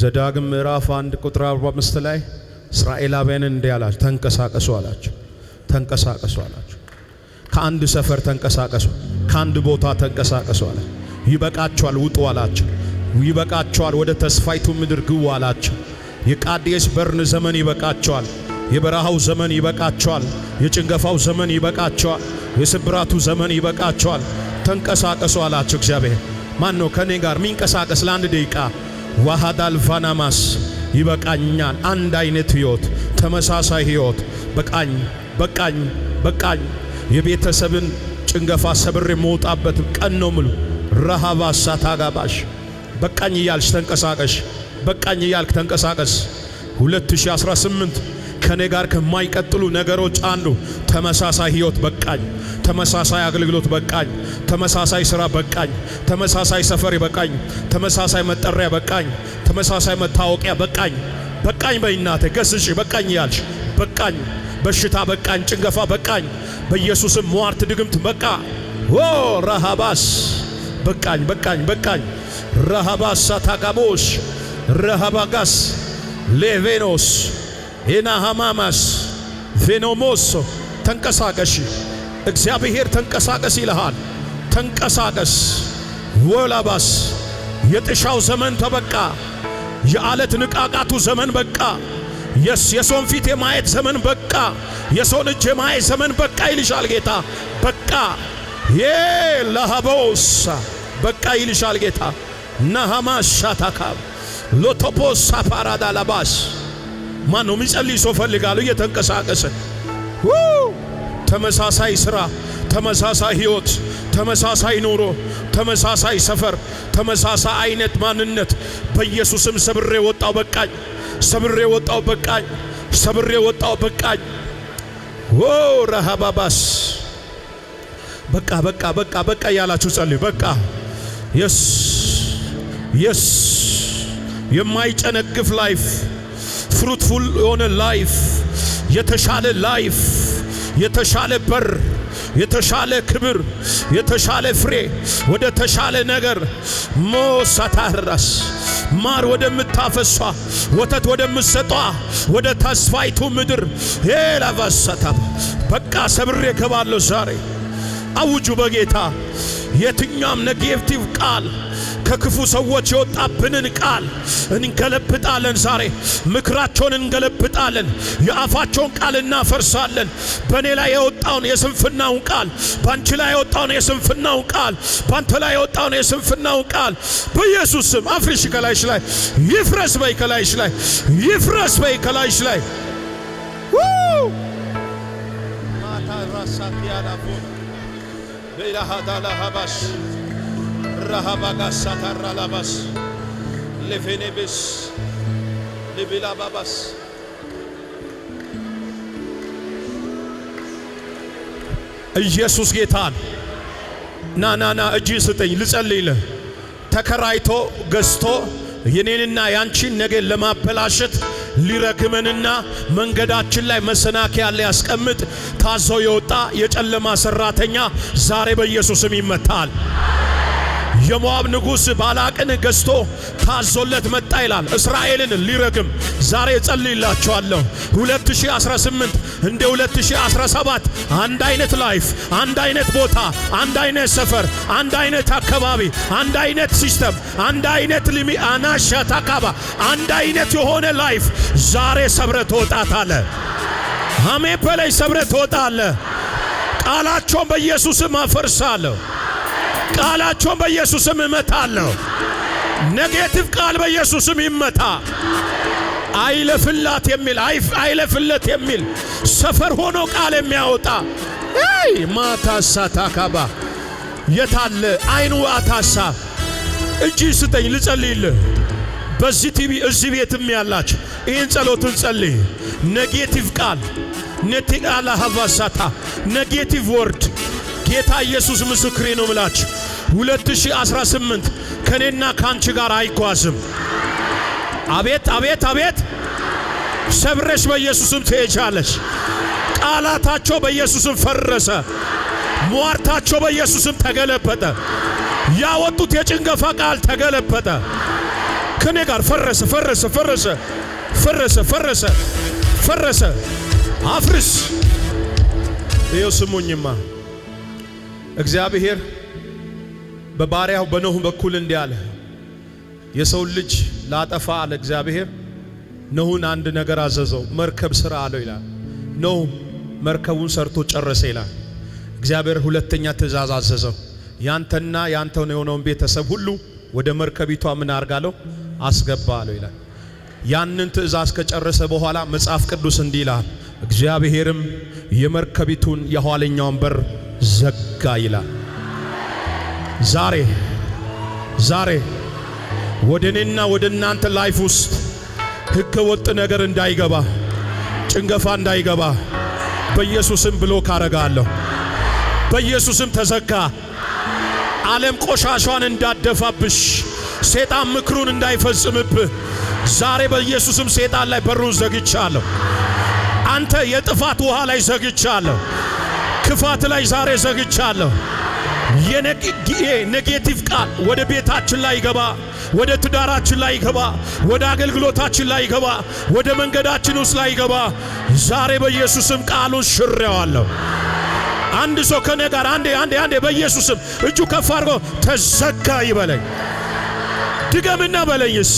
ዘዳግም ምዕራፍ አንድ ቁጥር 45 ላይ እስራኤላውያንን እንዲህ አላቸው፣ ተንቀሳቀሱ አላቸው። ተንቀሳቀሱ አላቸው። ከአንድ ሰፈር ተንቀሳቀሱ፣ ከአንድ ቦታ ተንቀሳቀሱ አለ። ይበቃቸዋል፣ ውጡ አላቸው። ይበቃቸዋል፣ ወደ ተስፋይቱ ምድር ግቡ አላቸው። የቃዴስ በርን ዘመን ይበቃቸዋል። የበረሃው ዘመን ይበቃቸዋል። የጭንገፋው ዘመን ይበቃቸዋል። የስብራቱ ዘመን ይበቃቸዋል። ተንቀሳቀሱ አላቸው። እግዚአብሔር ማን ነው ከኔ ጋር የሚንቀሳቀስ ለአንድ ደቂቃ ዋሃዳል ቫናማስ ይበቃኛል። አንድ አይነት ህይወት፣ ተመሳሳይ ህይወት። በቃኝ በቃኝ በቃኝ። የቤተሰብን ጭንገፋ ሰብሬ መውጣበት ቀን ነው ምሉ ረሃባ ሳታጋባሽ በቃኝ እያልሽ ተንቀሳቀሽ። በቃኝ እያልክ ተንቀሳቀስ። 2018 ከኔ ጋር ከማይቀጥሉ ነገሮች አንዱ ተመሳሳይ ህይወት በቃኝ፣ ተመሳሳይ አገልግሎት በቃኝ፣ ተመሳሳይ ስራ በቃኝ፣ ተመሳሳይ ሰፈር በቃኝ፣ ተመሳሳይ መጠሪያ በቃኝ፣ ተመሳሳይ መታወቂያ በቃኝ። በቃኝ በይናቴ ገስጪ በቃኝ ያልሽ በቃኝ፣ በሽታ በቃኝ፣ ጭንገፋ በቃኝ፣ በኢየሱስም ሟርት ድግምት በቃ ኦ ረሃባስ በቃኝ፣ በቃኝ፣ በቃኝ ረሃባስ ሳታጋቦሽ ረሃባጋስ ሌቬኖስ ሄና ሃማማስ ቬኖሞሶ ተንቀሳቀሽ እግዚአብሔር ተንቀሳቀስ ይልሃል። ተንቀሳቀስ ወላባስ የጥሻው ዘመን ተበቃ። የአለት ንቃቃቱ ዘመን በቃ። የስ የሰውን ፊት የማየት ዘመን በቃ። የሰውን እጅ የማየት ዘመን በቃ ይልሻል ጌታ። በቃ ዬ ለሃቦስ በቃ ይልሻል ጌታ። ናሃማ ሻታካብ ሎቶፖስ ሳፓራዳ ላባስ ማን ነው የሚጸልይ ሰው ፈልጋለሁ። እየተንቀሳቀሰ ተመሳሳይ ስራ፣ ተመሳሳይ ህይወት፣ ተመሳሳይ ኑሮ፣ ተመሳሳይ ሰፈር፣ ተመሳሳይ አይነት ማንነት። በኢየሱስም ሰብሬ ወጣው በቃኝ፣ ሰብሬ ወጣው በቃኝ፣ ሰብሬ ወጣው በቃኝ። ወ ረሃባባስ በቃ በቃ በቃ በቃ እያላችሁ ጸልዩ። በቃ የስ የስ የማይጨነግፍ ላይፍ ፍሩትፉል የሆነ ላይፍ፣ የተሻለ ላይፍ፣ የተሻለ በር፣ የተሻለ ክብር፣ የተሻለ ፍሬ፣ ወደ ተሻለ ነገር ሞሳታራስ ማር ወደምታፈሷ ወተት ወደምትሰጧ ወደ ተስፋይቱ ምድር ሄላቫሳታ በቃ ሰብሬ ከባለው ዛሬ አውጁ በጌታ የትኛም ኔጌቲቭ ቃል ከክፉ ሰዎች የወጣብንን ቃል እንገለብጣለን። ዛሬ ምክራቸውን እንገለብጣለን። የአፋቸውን ቃል እናፈርሳለን። በእኔ ላይ የወጣውን የስንፍናውን ቃል፣ በአንቺ ላይ የወጣውን የስንፍናውን ቃል፣ በአንተ ላይ የወጣውን የስንፍናውን ቃል በኢየሱስ ስም አፍርሽ። ከላይሽ ላይ ይፍረስ በይ፣ ከላይሽ ላይ ይፍረስ በይ፣ ከላይሽ ላይ ማታ ራሳት ያላቦ ሌላ ሀዳላ ሀባሽ ራሃባጋሳታ ራላባስ ሌፌኔቤስ ኢየሱስ ጌታን ና እጅ ስጠኝ ልጸልይልህ። ተከራይቶ ገዝቶ የኔንና ያንቺን ነገ ለማበላሸት ሊረግመንና መንገዳችን ላይ መሰናከያ ሊያስቀምጥ ታዞ የወጣ የጨለማ ሰራተኛ ዛሬ በኢየሱስም ይመታል። የሞዓብ ንጉሥ ባላቅን ገዝቶ ታዞለት መጣ ይላል። እስራኤልን ሊረግም ዛሬ ጸልይላችኋለሁ። 2018 እንደ 2017 አንድ አይነት ላይፍ፣ አንድ አይነት ቦታ፣ አንድ አይነት ሰፈር፣ አንድ አይነት አካባቢ፣ አንድ አይነት ሲስተም፣ አንድ አይነት ሊሚ አናሻ ታካባ አንድ አይነት የሆነ ላይፍ ዛሬ ሰብረ ትወጣት አለ። አሜን በላይ ሰብረ ትወጣ አለ። ቃላቸውን በኢየሱስም አፈርሳለሁ። ቃላቸውን በኢየሱስም እመታለሁ። ኔጌቲቭ ቃል በኢየሱስም ይመታ። አይለፍላት የሚል አይለፍለት የሚል ሰፈር ሆኖ ቃል የሚያወጣ አይ ማታሳ ታካባ የታለ አይኑ አታሳ እጅ ስጠኝ ልጸልይልህ። በዚህ ቲቪ እዚህ ቤትም ያላችሁ ይህን ጸሎትን ጸልይ። ኔጌቲቭ ቃል ኔቲ ቃል ሀቫሳታ ኔጌቲቭ ወርድ ጌታ ኢየሱስ ምስክሬ ነው ምላች 2018 ከኔና ካንቺ ጋር አይጓዝም። አቤት አቤት አቤት! ሰብረሽ በኢየሱስም ትሄጃለሽ። ቃላታቸው በኢየሱስም ፈረሰ። ሟርታቸው በኢየሱስም ተገለበጠ። ያወጡት የጭንገፋ ቃል ተገለበጠ። ከኔ ጋር ፈረሰ ፈረሰ ፈረሰ ፈረሰ ፈረሰ ፈረሰ። አፍርስ ይኸው ስሙኝማ እግዚአብሔር በባሪያው በኖህ በኩል እንዲህ አለ። የሰውን ልጅ ላጠፋ አለ እግዚአብሔር ኖህን አንድ ነገር አዘዘው፣ መርከብ ሥራ አለው ይላል። ኖህ መርከቡን ሰርቶ ጨረሰ ይላል። እግዚአብሔር ሁለተኛ ትእዛዝ አዘዘው፣ ያንተና ያንተ የሆነውን ቤተሰብ ሁሉ ወደ መርከቢቷ ምን አርጋለው አስገባ አለው ይላል። ያንን ትእዛዝ ከጨረሰ በኋላ መጽሐፍ ቅዱስ እንዲህ ይላል፣ እግዚአብሔርም የመርከቢቱን የኋለኛውን በር ዘጋ ይላል። ዛሬ ዛሬ ወደ እኔና ወደ እናንተ ላይፍ ውስጥ ሕገ ወጥ ነገር እንዳይገባ፣ ጭንገፋ እንዳይገባ በኢየሱስም ብሎ ካረጋለሁ። በኢየሱስም ተዘጋ። ዓለም ቆሻሿን እንዳደፋብሽ፣ ሴጣን ምክሩን እንዳይፈጽምብህ ዛሬ በኢየሱስም ሴጣን ላይ በሩን ዘግቻለሁ። አንተ የጥፋት ውሃ ላይ ዘግቻለሁ። ክፋት ላይ ዛሬ ዘግቻለሁ። የኔጌቲቭ ቃል ወደ ቤታችን ላይ ይገባ፣ ወደ ትዳራችን ላይ ይገባ፣ ወደ አገልግሎታችን ላይ ይገባ፣ ወደ መንገዳችን ውስጥ ላይ ይገባ። ዛሬ በኢየሱስም ቃሉን ሽሬዋለሁ። አንድ ሰው ከኔ ጋር አንዴ አንዴ አንዴ በኢየሱስም እጁ ከፍ አድርጎ ተዘጋ ይበለኝ። ድገምና በለኝስ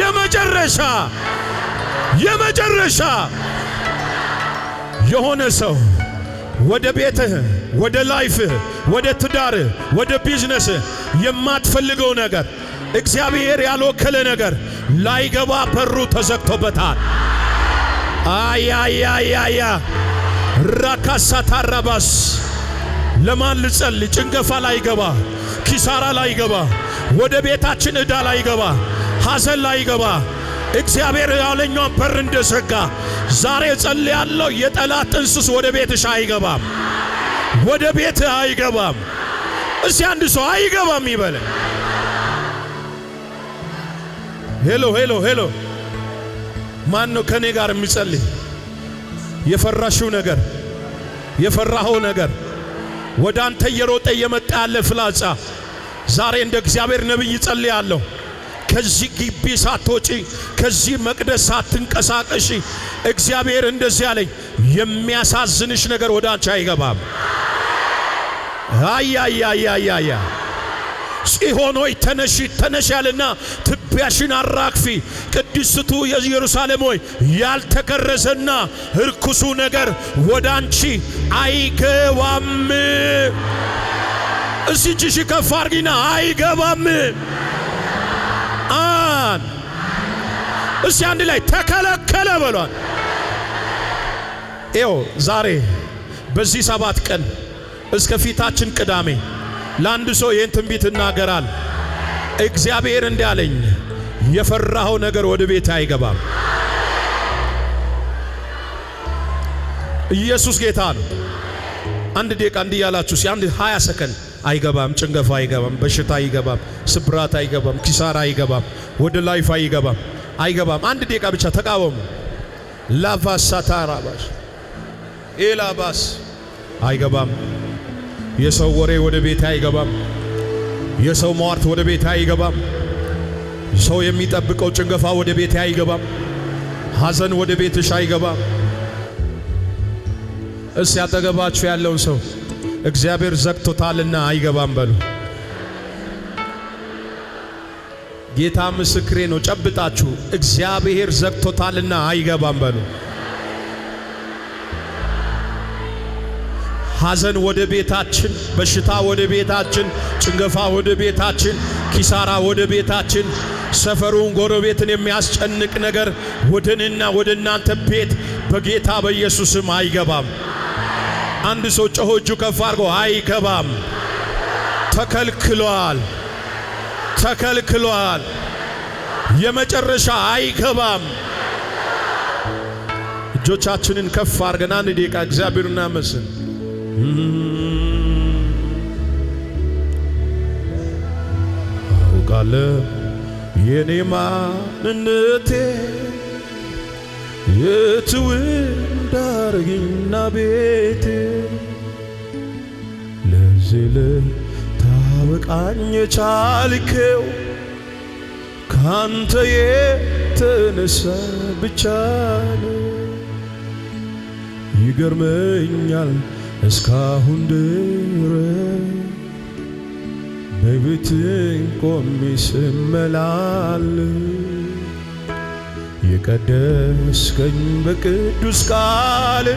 የመጨረሻ የመጨረሻ የሆነ ሰው ወደ ቤትህ፣ ወደ ላይፍህ፣ ወደ ትዳርህ፣ ወደ ቢዝነስህ የማትፈልገው ነገር እግዚአብሔር ያልወከለ ነገር ላይገባ በሩ ተዘግቶበታል። አያያያያ ራካሳ ታራባስ ለማን ልጸል? ጭንገፋ ላይገባ፣ ኪሳራ ላይገባ፣ ወደ ቤታችን ዕዳ ላይገባ፣ ሐዘን ላይገባ እግዚአብሔር ያለኛውን በር እንደዘጋ ዛሬ ጸልያለሁ። የጠላት ጥንስስ ወደ ቤትሽ አይገባም፣ ወደ ቤት አይገባም። እስቲ አንድ ሰው አይገባም ይበለ። ሄሎ ሄሎ ሄሎ። ማን ነው ከኔ ጋር የሚጸልይ? የፈራሽው ነገር የፈራኸው ነገር ወደ አንተ እየሮጠ እየመጣ ያለ ፍላጻ ዛሬ እንደ እግዚአብሔር ነቢይ ጸልያለሁ። ከዚህ ግቢ ሳትወጪ፣ ከዚህ መቅደስ ሳትንቀሳቀሺ እግዚአብሔር እንደዚህ አለኝ፣ የሚያሳዝንሽ ነገር ወደ አንቺ አይገባም። አያያያያያ ጽዮን ሆይ ተነሺ ተነሽ ያልና ትቢያሽን አራግፊ። ቅድስቱ የኢየሩሳሌም ሆይ ያልተከረሰና እርኩሱ ነገር ወደ አንቺ አይገባም። እስጅሽ ከፍ አርጊና አይገባም ማን? እስቲ አንድ ላይ ተከለከለ በሏል። ይኸው ዛሬ በዚህ ሰባት ቀን እስከ ፊታችን ቅዳሜ ለአንድ ሰው ይህን ትንቢት እናገራል። እግዚአብሔር እንዲያለኝ የፈራኸው ነገር ወደ ቤት አይገባም። ኢየሱስ ጌታ ነው። አንድ ደቂቃ እንዲህ ያላችሁ አንድ 20 ሰከንድ አይገባም፣ ጭንገፋ አይገባም፣ በሽታ አይገባም፣ ስብራት አይገባም፣ ኪሳራ አይገባም፣ ወደ ላይፍ አይገባም፣ አይገባም። አንድ ደቂቃ ብቻ ተቃወሙ። ላቫሳታራባሽ ኤላባስ አይገባም። የሰው ወሬ ወደ ቤት አይገባም። የሰው ሟርት ወደ ቤት አይገባም። ሰው የሚጠብቀው ጭንገፋ ወደ ቤት አይገባም። ሐዘን ወደ ቤትሽ አይገባም። እስቲ ያጠገባችሁ ያለውን ሰው እግዚአብሔር ዘግቶታልና አይገባም በሉ። ጌታ ምስክሬ ነው። ጨብጣችሁ እግዚአብሔር ዘግቶታልና አይገባም በሉ። ሐዘን ወደ ቤታችን፣ በሽታ ወደ ቤታችን፣ ጭንገፋ ወደ ቤታችን፣ ኪሳራ ወደ ቤታችን፣ ሰፈሩን ጎረቤትን የሚያስጨንቅ ነገር ወደንና ወደ እናንተ ቤት በጌታ በኢየሱስም አይገባም። አንድ ሰው ጮሆ እጁ ከፍ አድርጎ አይገባም፣ ተከልክሏል፣ ተከልክሏል። የመጨረሻ አይገባም። እጆቻችንን ከፍ አድርገን አንድ ደቂቃ እግዚአብሔር እናመስን። የኔ ማንነቴ የትውን እንዳርግና ቤቴ ጊዜ ልታበቃኝ ቻልከው ካንተ የተነሳ ብቻ ነው። ይገርመኛል እስካሁን ድረ በቤት ቆሜ ስመላል የቀደስከኝ በቅዱስ ቃል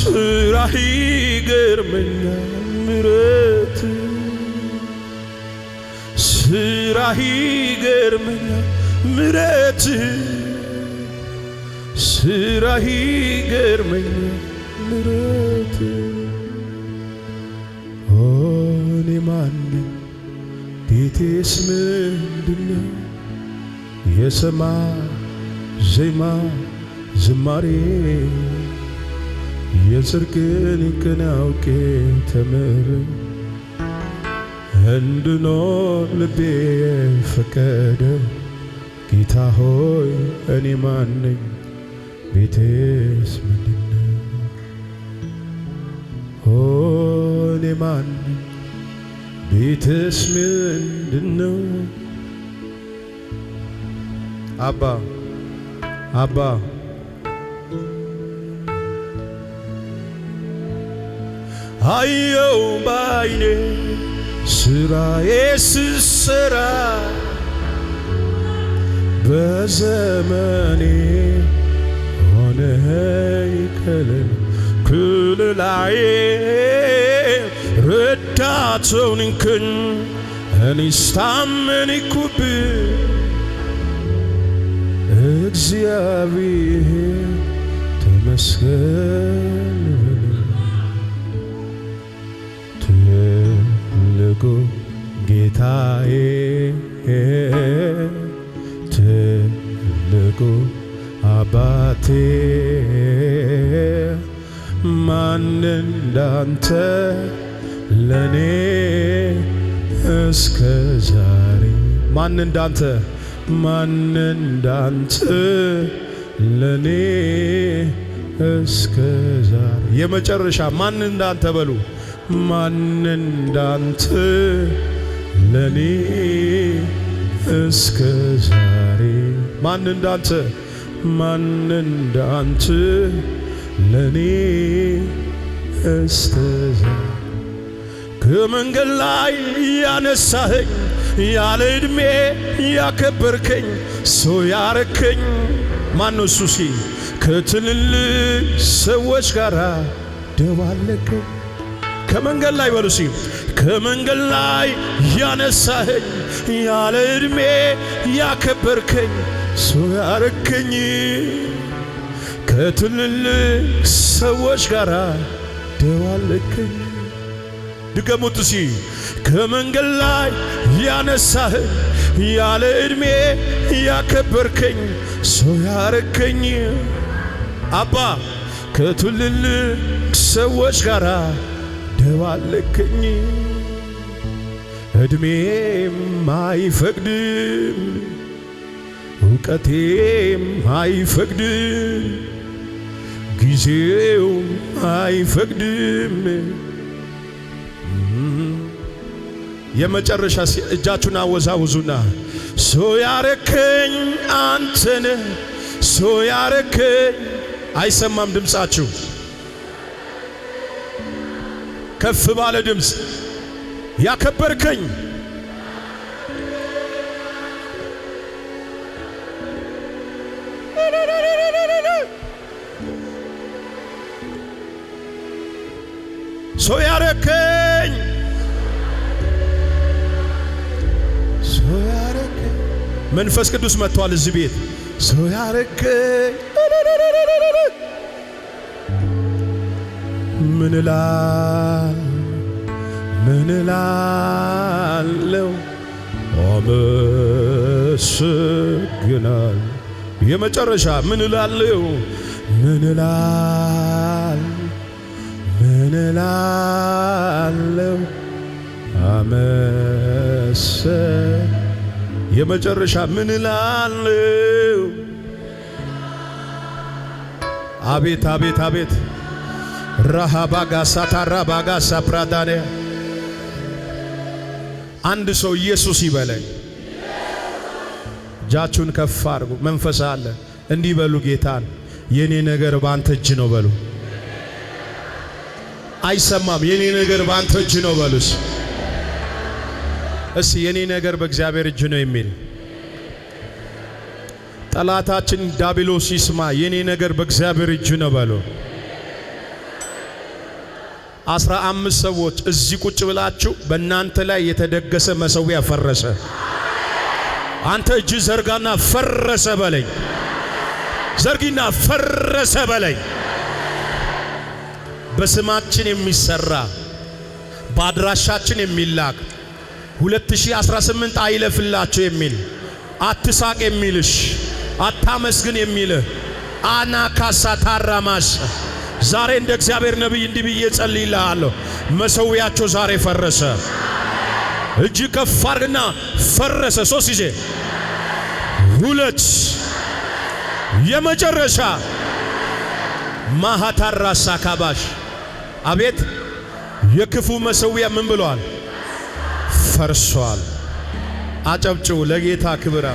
ስራህ ይገርመኛል ምረት ስራህ ይገርመኛል ምረት ስራህ ይገርመኛል ምረት እኔ ማን ነኝ ቤቴስ ምንድን ነው ዜማ ዝማሬ የጽድቅን ቀን አውቄ ተምር እንድኖር ልቤ ፈቀደ። ጌታ ሆይ እኔ ማነኝ? ቤቴስ ምንድነው? ኦ እኔ ማነኝ? ቤቴስ ምንድነው? አባ አባ አየው ባይኔ ስራዬ ስሰራ በዘመኔ ሆነኸኝ ከለል ክልላዬ ረዳት ሆንክኝ እግዚአብሔር ተመስገን በጎ ጌታዬ ትልቁ አባቴ ማን እንዳንተ ለኔ እስከ ዛሬ ማን እንዳንተ ማን እንዳንተ ለኔ እስከ ዛሬ የመጨረሻ ማን እንዳንተ በሉ ማን እንዳንተ ለኔ እስከ ዛሬ ማን እንዳንተ ማን እንዳንተ ለኔ እስከ ዛሬ ከመንገድ ላይ ያነሳኸኝ ያለ ዕድሜ ያከበርከኝ ሰው ያረከኝ ማን ነው ከትልልቅ ሰዎች ጋር ደባለከኝ ከመንገድ ላይ በሉ ሲ ከመንገድ ላይ ያነሳኸኝ ያለ እድሜ ያከበርከኝ ሰው ያረከኝ ከትልልቅ ሰዎች ጋር ደባለከኝ። ድገሙት ሲ ከመንገድ ላይ ያነሳኸኝ ያለ እድሜ ያከበርከኝ ሰው ያረከኝ አባ ከትልልቅ ሰዎች ጋራ ተባለከኝ ዕድሜም አይፈቅድም እውቀቴም አይፈቅድም ጊዜውም አይፈቅድም። የመጨረሻ እጃችሁን አወዛውዙና ሶ ያረከኝ አንተነ ሶ ያረከኝ አይሰማም ድምፃችሁ ከፍ ባለ ድምፅ ያከበርከኝ ሰው ያረከኝ መንፈስ ቅዱስ መጥቷል። እዚህ ቤት ሰው ያረከኝ ምንላል ምንላለው አመስግናል የመጨረሻ ምንላለው ምንላል ምንላለው አመሰ የመጨረሻ ምንላለው አቤት አቤት አቤት ራሃባጋ ሳታራባጋ ሳፕራዳንያ አንድ ሰው ኢየሱስ ይበለኝ። እጃችሁን ከፍ አድርጉ። መንፈስ አለ እንዲህ በሉ፣ ጌታን የኔ ነገር ባንተ እጅ ነው በሉ። አይሰማም። የኔ ነገር ባንተ እጅ ነው በሉስ። እስ የኔ ነገር በእግዚአብሔር እጅ ነው የሚል ጠላታችን ዳቢሎስ ይስማ። የኔ ነገር በእግዚአብሔር እጅ ነው በሉ። አስራ አምስት ሰዎች እዚህ ቁጭ ብላችሁ በእናንተ ላይ የተደገሰ መሠዊያ ፈረሰ። አንተ እጅ ዘርጋና ፈረሰ በለኝ። ዘርጊና ፈረሰ በለኝ። በስማችን የሚሰራ በአድራሻችን የሚላክ 2018 አይለፍላችሁ የሚል አትሳቅ የሚልሽ አታመስግን የሚልህ አናካሳ ታራማስ ዛሬ እንደ እግዚአብሔር ነቢይ እንዲህ ብዬ ጸልይልሃለሁ። መሠዊያቸው ዛሬ ፈረሰ። እጅ ከፍ አድርግና ፈረሰ። ሶስት ጊዜ ሁለት የመጨረሻ ማሃታራሳ ካባሽ አቤት የክፉ መሠዊያ ምን ብሏል? ፈርሷል። አጨብጭው ለጌታ ክብራ